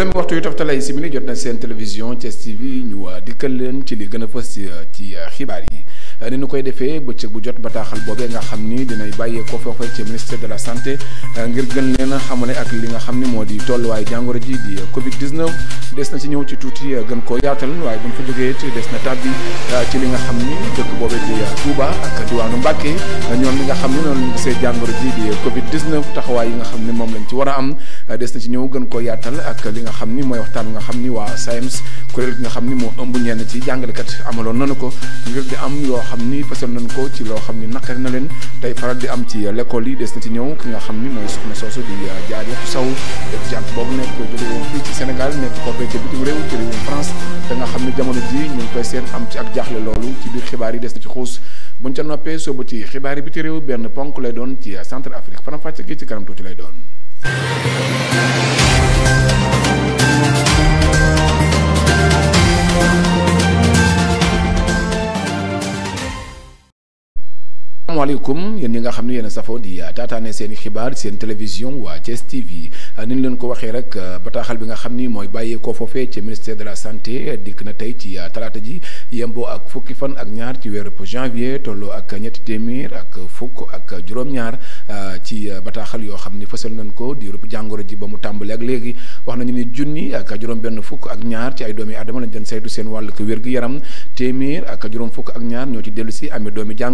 juróomi waxtu yu toftalay simili jot na seen télévision Thiès TV ñu waa ah, dikkal leen ci li gën a fas ci ah, ah, xibaar yi ni nu koy defee bëccëg bu jot bataaxal boobee nga xam ni dinay bàyyee ko foofee ci ministère de la santé ngir gën leen a xamale ak li nga xam ni moo di tolluwaay jàngoro ji di Covid 19 des na ci ñëw ci tuuti gën koo yaatal waaye buñ fa jógee des na tàbbi ah, ci li nga xam ni dëkk boobee di Touba ak diwaanu Mbàkke ñoom li nga xam ni noonu gisee jàngoro ji di Covid 19 taxawaay yi nga xam ni moom lañ ci war a am des na ci ñëw gën koo yaatal ak li nga xam ni mooy waxtaan nga xam ni waa SAEMS kuréel ki nga xam ni moo ëmb ñenn ci jàngalekat amaloon nanu ko ngir di am yoo xam ni fasal nañu ko ci loo xam ni naqari na leen tey faral di am ci l'école yi des na ci ñëw ki nga xam ni mooy soxna soosu di jaariyatu saw étudiant boobu nekk ko jóge woon fii ci Sénégal nekk ko fee ci bitim réew ci réewum France te nga xam ni jamono ji ñu ngi koy seen am ci ak jaaxle loolu ci biir xibaar yi des na ci xuus buñ ca noppee soobu ci xibaar yi bi ci réew benn ponk lay doon ci centre Afrique faram-fàcce gi ci kanam tuuti lay doon Assalamualaikum. Yen ñi nga xam ne yéen a safoo di uh, taataane seen i xibaar seen télévision waa Thiès TV ni ñu ko waxee rek uh, bataaxal bi nga xam ni mooy bàyyeekoo foofee ci ministère de la santé uh, dikk na tey ci talaata ji yemboo ak fukki fan ak ñaar ci weeru janvier tolloo ak ñetti téeméer ak fukk ak juróom-ñaar ci bataaxal yoo xam ni fësal nañ ko di rup jangoro ji ba mu tàmbali ak léegi wax nañu ni junni ak juróom-benn fukk ak ñaar ci ay doomi aadama lañ doon saytu seen yaram téeméer ak juróom fukk ak ñaar ñoo ci dellu si amee doomi ji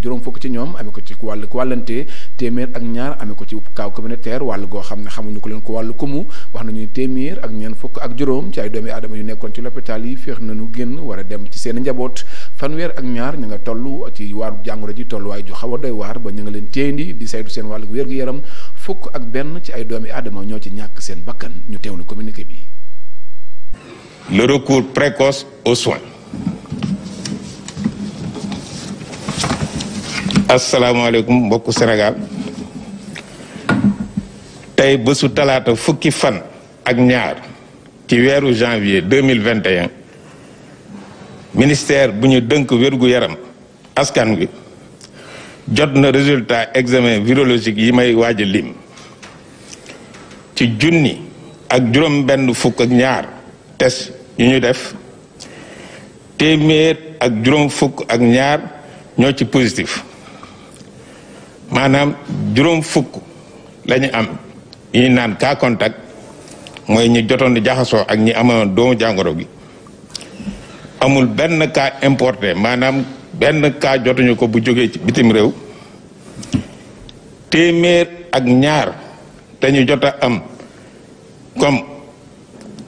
juróom juróom fukk ci ñoom amee ko ci wàllu wàllante téeméer ak ñaar amee ko ci kaaw communautaire wàll go xam ne xamuñu ko leen ko wàllu kumu wax nañu téeméer ak ñeen fukk ak juróom ci ay doomi aadama yu nekkoon ci l'hôpital yi féex nañu génn war dem ci seen njaboot fanweer ak ñaar ñu nga toll ci war jàngoro ji tolluwaay ju xaw a doy war ba ñu leen téendi di saytu seen wàllu wér-gu-yaram fukk ak benn ci ay doomi aadama ñoo ci ñàkk seen bakkan ñu teewlu communiqué bi le recours précoce aux soins Assalamualaikum, beaucoup Sénégal Tay bésu talata fukki fan ak ñaar ci wéru janvier 2021. ministère buñu ñu dënk wérgu yaram askan wi jot na résultat examen virologique yi may waaj lim ci junni ak juroom benn fukk ak ñaar test yu ñu def téeméer ak juroom fukk ak ñaar ñoo ci positif. maanaam juróom fukk la am yi naan cas contact mooy ñi jotoon di jaxasoo ak ñi amoon doomu jàngoro gi amul benn ka importé maanaam benn cas jotuñu ko bu jógee ci bitim réew téeméer ak ñaar dañu jot a am comme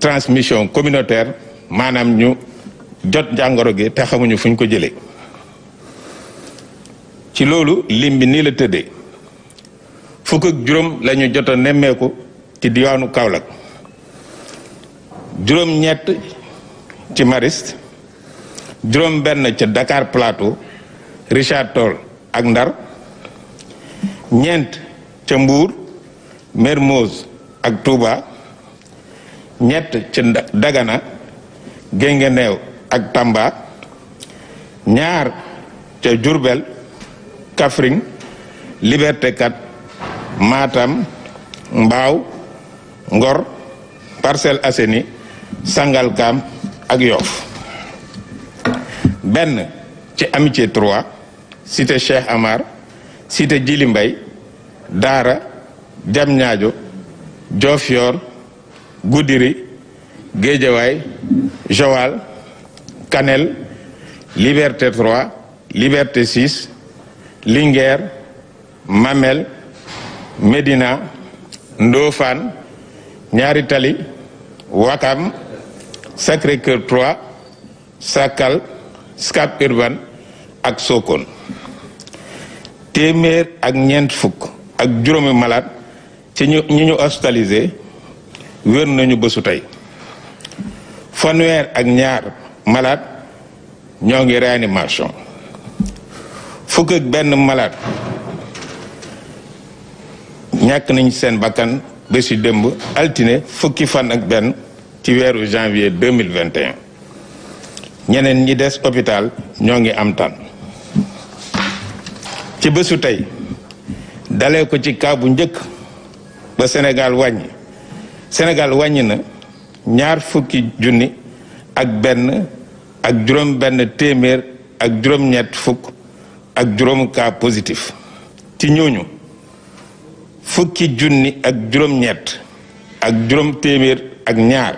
transmission communautaire maanaam ñu jot jàngoro gi te xamuñu fuñ ko jëlee. ci loolu lim bi nii la tëdde fukk ak juróom la ñu jot a nemmeeku ci diwaanu Kaolack juróom-ñett ci Mariste juróom-benn ca Dakar Plateau Richard Toll ak Ndar ñeent ca mbuur Mermoz ak tuuba ñett ca Dagana Guinguinéo ak tàmba ñaar ca Diourbel Kafring, Liberté 4 Matam Mbao Ngor Parcel Aseni, Sangalkam ak Ben, benn Amitié 3 cité Cheikh Amar cité Djilimbay, Dara, Djamnyadjo, Djofior, Goudiri Guédiawaye Joal Canel, Liberté 3 Liberté 6 Linguère Mamel Médina ndoofaan Ñaari Tali Wakam Sacré-Cœur Sakal Scat Urbam ak Sokone téeméer ak ñeent fukk ak juróomi malade ci ñi ñu hospitalisé wér nañu bésu tey fanweer ak ñaar malade ñoo ngi réanimation fukk ak benn malade ñàkk nañ seen bakkan bési démb altine fukki fan ak benn ci weeru janvier 2021 ñeneen ñi des hôpital ñoo ngi am tan ci bésu tey dalee ko ci cas bu njëkk ba Sénégal wàññi Sénégal wàññi na ñaar fukki junni ak benn ak juróom benn téeméer ak juróom-ñett fukk ak juróom cas positif ci ñooñu fukki junni ak juróom-ñett ak juróom téeméer ak ñaar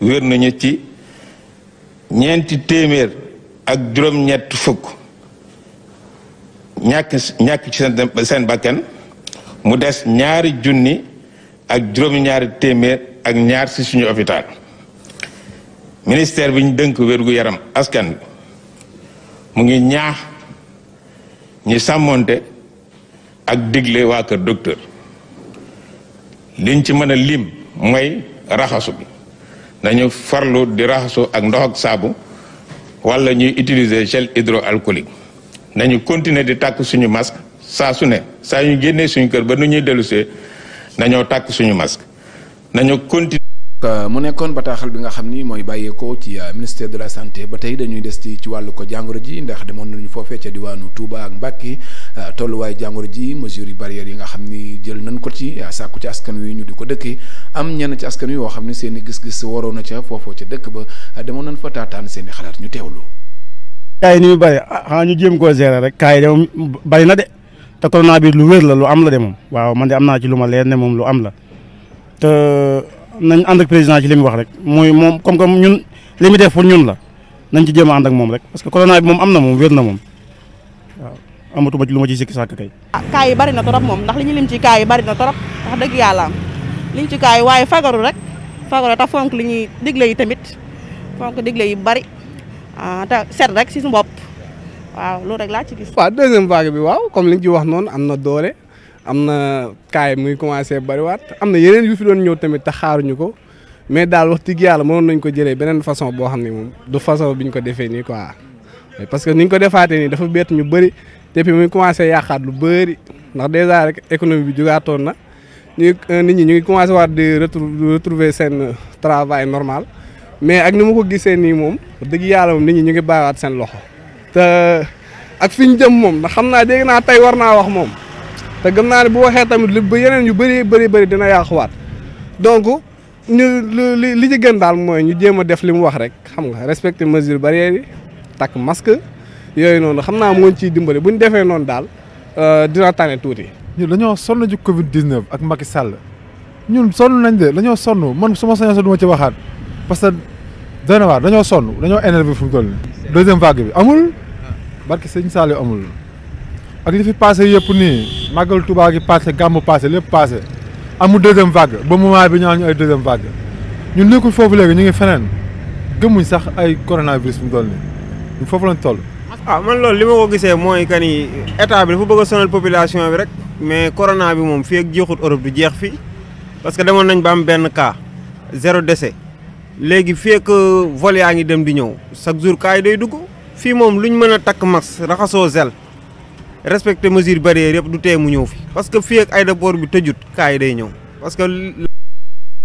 wér nañu ci ñeenti téeméer ak juróom-ñett fukk ñàkk ci seen bakkan mu des ñaari junni ak juróom-ñaari téeméer ak ñaar si suñu hôpital minister bi ñu dënk wér yaram askan bi mu ngi ñaax ñi sàmmoonte ak digle waa kër docteur liñ ci mën a lim mooy raxasu bi nañu farlu di raxasu ak ndox ak saabu wala ñuy utiliser gel hydroalcoolique nañu continuer di tàkk suñu masque saa su ne saa ñu génnee suñu kër ba nu ñuy dellusee nañoo tàkk suñu masque nañu continuer Euh, mu nekkoon bataaxal bi nga xam ni mooy bàyyeekoo ci euh, ministère de la santé ba tey dañuy des ci ci wàllu ko jàngoro ji ndax demoon nañu foofee ca diwaanu Touba ak Mbàkke euh, tolluwaay jàngoro ji mesures yi barrières yi nga xam ni jël nañ ko ci sàkku ci askan wi ñu di ko dëkki am ñenn ci askan wi yoo xam ni seen i gis-gis waroon na ca foofoo ca dëkk ba demoon nañ fa taataan seen i xalaat ñu teewlu. kaay ni mu bëri ah, xanaa ñu jéem ko gérer rek kaay de moom bëri na de te corona bi lu wér la lu am la de moom waaw man de naa ci lu ma leer ne moom lu am la nañ ànd ak président ci li wax rek mooy moom comme comme ñun li mu def ñun la nañ ci jéem a ak moom rek parce que corona bi moom am na moom wér na moom waaw amatu ba ci lu ma ciy sikki sàkk kay. Ah, bari na torop moom ndax li ñu lim ci cas yi bari na torop dëgg yàlla am liñ yi waaye fagaru rek fagaru te fonk li ñuy tamit fonk digle yi bari ah, te rek si bopp waaw loolu rek laa ci gis. waaw deuxième vague bi waaw comme liñ ci wax noonu am na doole. am na kaay muy commencé bariwaat am na yeneen yu fi doon ñëw tamit te xaaruñu ko mais daal wax dëgg yàlla mënoon nañ ko jëlee beneen façon boo xam ne moom du façon bi ñu ko defee nii quoi. parce que ni ko defaatee dafa bett ñu bëri te muy commencé yàqaat lu bëri ndax dèjà rek économie bi jugaatoon na ñu euh, nit ñi ñu ngi commencé waat di retrouver seen travail normal mais ak ni ma ko gisee nii moom dëgg yàlla moom nit ñi ñu ngi bàyyiwaat seen loxo. te ak fi ñu jëm moom ndax xam naa dégg naa tey war naa wax moom. te gëm naa ne bu waxee tamit li ba yeneen yu bëri bëri bëri dina yàquwaat donc ñu li li ci gën daal mooy ñu jéem a def li mu wax rek xam nga respecter mesure barrière yi takk masque yooyu noonu xam naa mooñ ciy dimbale bu ñu defee noonu daal euh, dina tane tuuti. ñun dañoo sonn ci Covid 19 ak Macky sàll ñun sonn nañ de dañoo sonn mën suma ma sañoon sax ci waxaat parce que doy na dañoo sonn dañoo énervé fu mu toll nii. deuxième bi amul barki sëñ Sall amul. ak li fi passé yëpp ni Magal Touba gi passé gàmmu passé lépp passé amu deuxième vague ba moment bi ñaan ñu ay deuxième vague ñun nekkul foofu léegi ñu ngi feneen gëmmuñ sax ay coronavirus bi mu doon nii foofu lañ toll. ah man loolu li ma ko gisee mooy que ni état bi dafa bëgg a sonal population bi rek mais corona bi moom fii ak jeexut Europe du jeex fi parce que demoon nañ ba am benn cas zéro décès léegi fii ak euh, vol yaa ngi dem di ñëw chaque jour cas yi day dugg fii moom luñ mën a takk max raxasoo zel respecté mesure barrière yëpp du tee mu ñëw fi parce que fii ak aéroport bi tëjut kaa yi day ñëw parce que.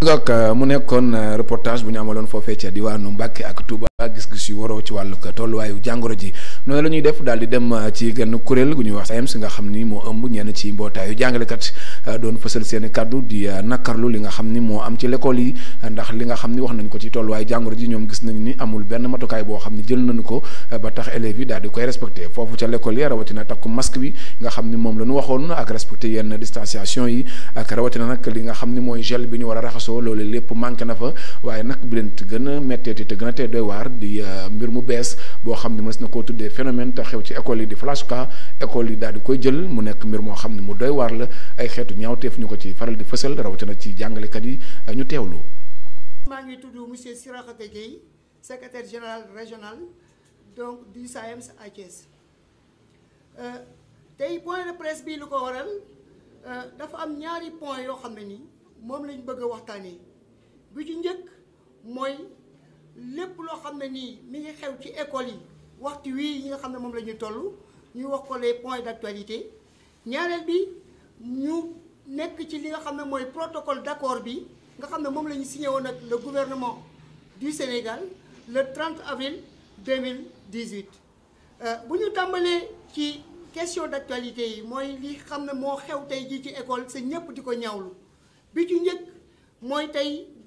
donc euh, mu nekkoon euh, reportage bu ñu amaloon foofee ca diwaanu Mbàkke ak tuba gis-gis yu woro ci wàllu ka tolluwaayu jàngoro ji noonu la ñuy def daal di dem uh, ci genn kuréel gu ñuy wax AMS nga xam ni moo ëmb ñenn ci mbootaayu jàngalekat uh, doon fësal seeni kàddu di uh, nakkarlu li nga xam ni am ci l'école yi ndax li nga xam ni wax nañ ko ci tolluwaayu jangoro ji ñoom gis nañ ni amul benn matukaay bo xam ni jël nañu ko ba tax élèves yi daal di koy respecté foofu ca l'école yi ya, rawatina takku masque bi nga xam ni moom la ak respecté yenn distanciation yi ak na nak li nga xam ni gel bi ñu war a raxasoo loolu lépp na fa waaye bi leen te te doy di eh, mbir mu bes bo xamni ne na ko tuddé phénomène te xew ci école yi di flash école yi di koy jël mu nek mbir mo xamni mu doy war la ay xétu ñaawteef ñuko ci faral di fessel rawatina ci kat yi eh, ñu tewlu ma ngi tudd monsieur Sirakhate Gueye secrétaire général régional donc du SAEMS à euh tay point de presse bi lu ko waral euh dafa am ñaari point yo xamni mom ni lañ bëgg waxtani waxtaanee bu ci ñëk moy lépp lo xamné ni mi ngi xew ci école yi waxtu wi yi nga xamné mom lañu tollu ñu wax ko les points d'actualité ñaarel bi ñu nekk ci li nga xamné moy protocole d'accord bi nga xamné mom lañu la signé woon ak le gouvernement du Sénégal le 30 avril 2018 euh, bu ñu tambalé ci question d'actualité yi moy li xam ne moo xew tay ji ci école c'est ñepp diko ko ñaawlu bi ci ñëk moy tay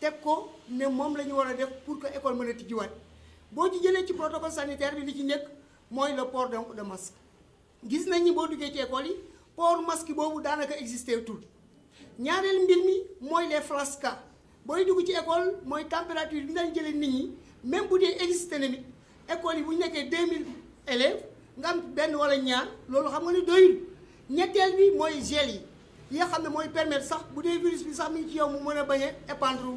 teg ko ne moom la ñu war a def pour que école mën a tijjiwaat boo ci jëlee ci protocole sanitaire bi li ci njëkk mooy le port donc de masque gis nañ ni boo duggee ci école yi port masque boobu daanaka existé tout ñaareel mbir mi mooy les flasques booy dugg ci école mooy température bi dañ jëlee nit ñi même bu dee existé na nit école yi bu ñu nekkee mille élèves nga am benn wala ñaan loolu xam nga ne doyul ñetteel bi mooy gel yi yi nga xam ne mooy permettre sax bu dee virus bi sax mi ci yow mu mën a bañ a épandre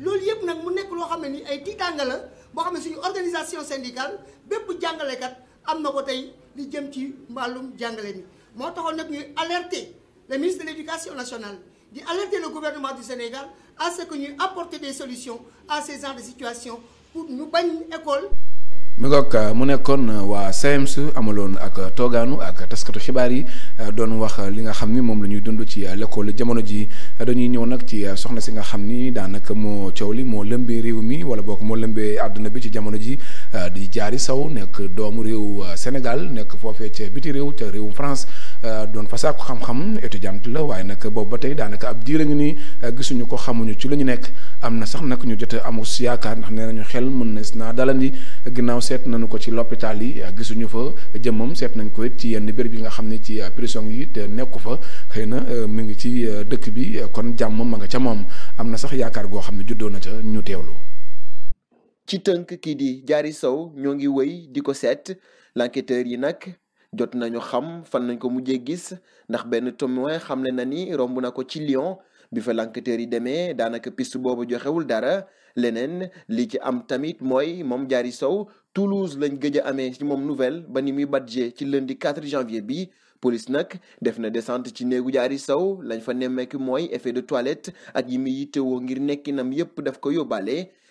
loolu yëpp nag mu nekk loo xam ne ni ay tiitaanga la boo xam ne suñu organisation syndicale bépp jàngalekat am na ko tey li jëm ci mbàllum jàngale mi moo taxoon nag ñuy alerter le ministre de l'éducation nationale di alerter le gouvernement du Sénégal à ce que ñuy apporter des solutions à ces genres de situation pour ñu bañ école mi euh, mu nekkoon euh, waa SAEMS amaloon ak euh, toogaanu ak taskatu xibaar yi doon wax li nga xam ni moom la ñuy dund ci l'école jamono ji dañuy ñëw nag ci soxna si nga xam ni daanaka moo coow li moo lëmbee réew mi wala bokk moo lëmbee àdduna bi ci jamono ji di jaari saw nekk doomu réew Sénégal nekk foofee ca biti réew ca réewum France doon fa sàkku xam-xam étudiante la waaye nag boobu ba tey daanaka ab diir a ngi nii gisuñu ko xamuñu ci la ñu nekk am na sax nak ñu jot a amus yaakaar ndax nee nañu xel mën na naa dala ni ginnaaw seet nañu ko ci l'hôpital yi gisuñu fa jëmmam seet nañ ko it ci yenn béréb yi nga xam ne ci prison yi te nekku fa xëy na euh, mu ngi ci euh, dëkk bi kon jàmm ma nga ca moom am na sax yaakaar goo xam ne juddoo na ca ñu teewlu. ci tënk kii di jaari Sow ñoo ngi wéy di ko seet l'enquêteur yi nag. jot nañu xam fan nañ ko mujjee gis ndax benn xam ne na ni romb na ko ci lion bi fa l'enquêteur yi demee daanaka piste boobu joxewul dara leneen li ci am tamit mooy moom jaari Sow Toulouse lañ gëj a amee moom nouvelle ba ni muy badge ci lundi 4 janvier bi police nag def na descente ci néegu jaari Sow lañ fa nemmeeku mooy effet de toilette ak yi muy yittewoo ngir nekkinam yépp daf ko yóbbaale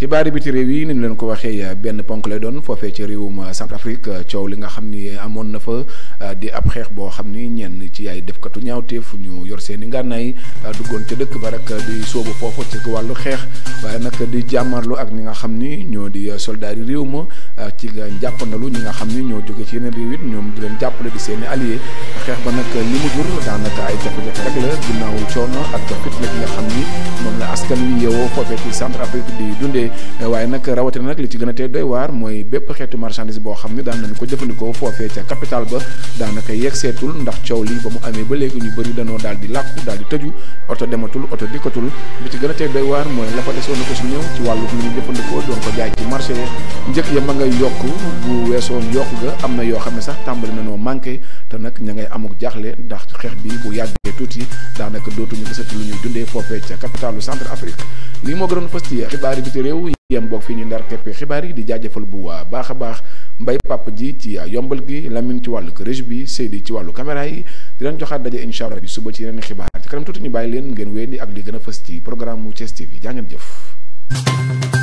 xibaari bi ci réew yi ni ñu leen ko waxee benn ponk lay doon foofee ci réewum centrafrique coow li nga xam ni amoon na fa di ab xeex boo xam ni ñenn ci ay defkatu ñaawteef ñu yor seen i ngànnaay duggoon ca dëkk ba rek di soobu foofu ci wàllu xeex waaye nag di jàmmarlu ak ñi nga xam ni ñoo di soldaar yi réew ma ci njàppandalu ñi nga xam ni ñoo jóge ci yeneen réew it ñoom di leen jàppale di seen i allié xeex ba nag li mu jur daanaka ay jafe-jafe rek la ginnaaw coono ak fitna gi nga xam ni moom la askan wi yeewoo foofee ci centre Afrique di dundee waaye nag rawatina nag li ci gën a tee doy waar mooy bépp xeetu marchandise boo xam ni daan nañu ko jëfandikoo foofee ca capital ba daanaka yegseetul ndax ciow li bamu amé ba légui ñu bari danoo daldi di daldi teju di dematul auto dikkatul bi ci gëna a tey doy waar mooy la fa desoon ko su ñew ci walu ñu jëfandikoo doon ko jaay ci marché ñëk ya ma ngay yok bu wesso yok ga amna yo xamné sax tàmbali na noo manqué te nag ña ngay amuk jaxlé ndax xex bi bu yàggee danaka dootu ñu gëssatu lu ñu dundé fofé ci capitale centre afrique li mo gëron fasti xibaari bi ci réew yem bok fi ñu ndar keppee xibaari di jaajëfal bu wa baaxa baax mbay papp ji ci yombal gi Lamine ci wàllu régie bi Seydi ci wàllu caméra yi di leen joxaat daje incha allah bi suba ci yeneen xibaar ci kanam tuuti ñu bàyyi leen ngeen wéyandi ak li gën fas fës ci programme mu Thiès TV jaa ngeen jëf.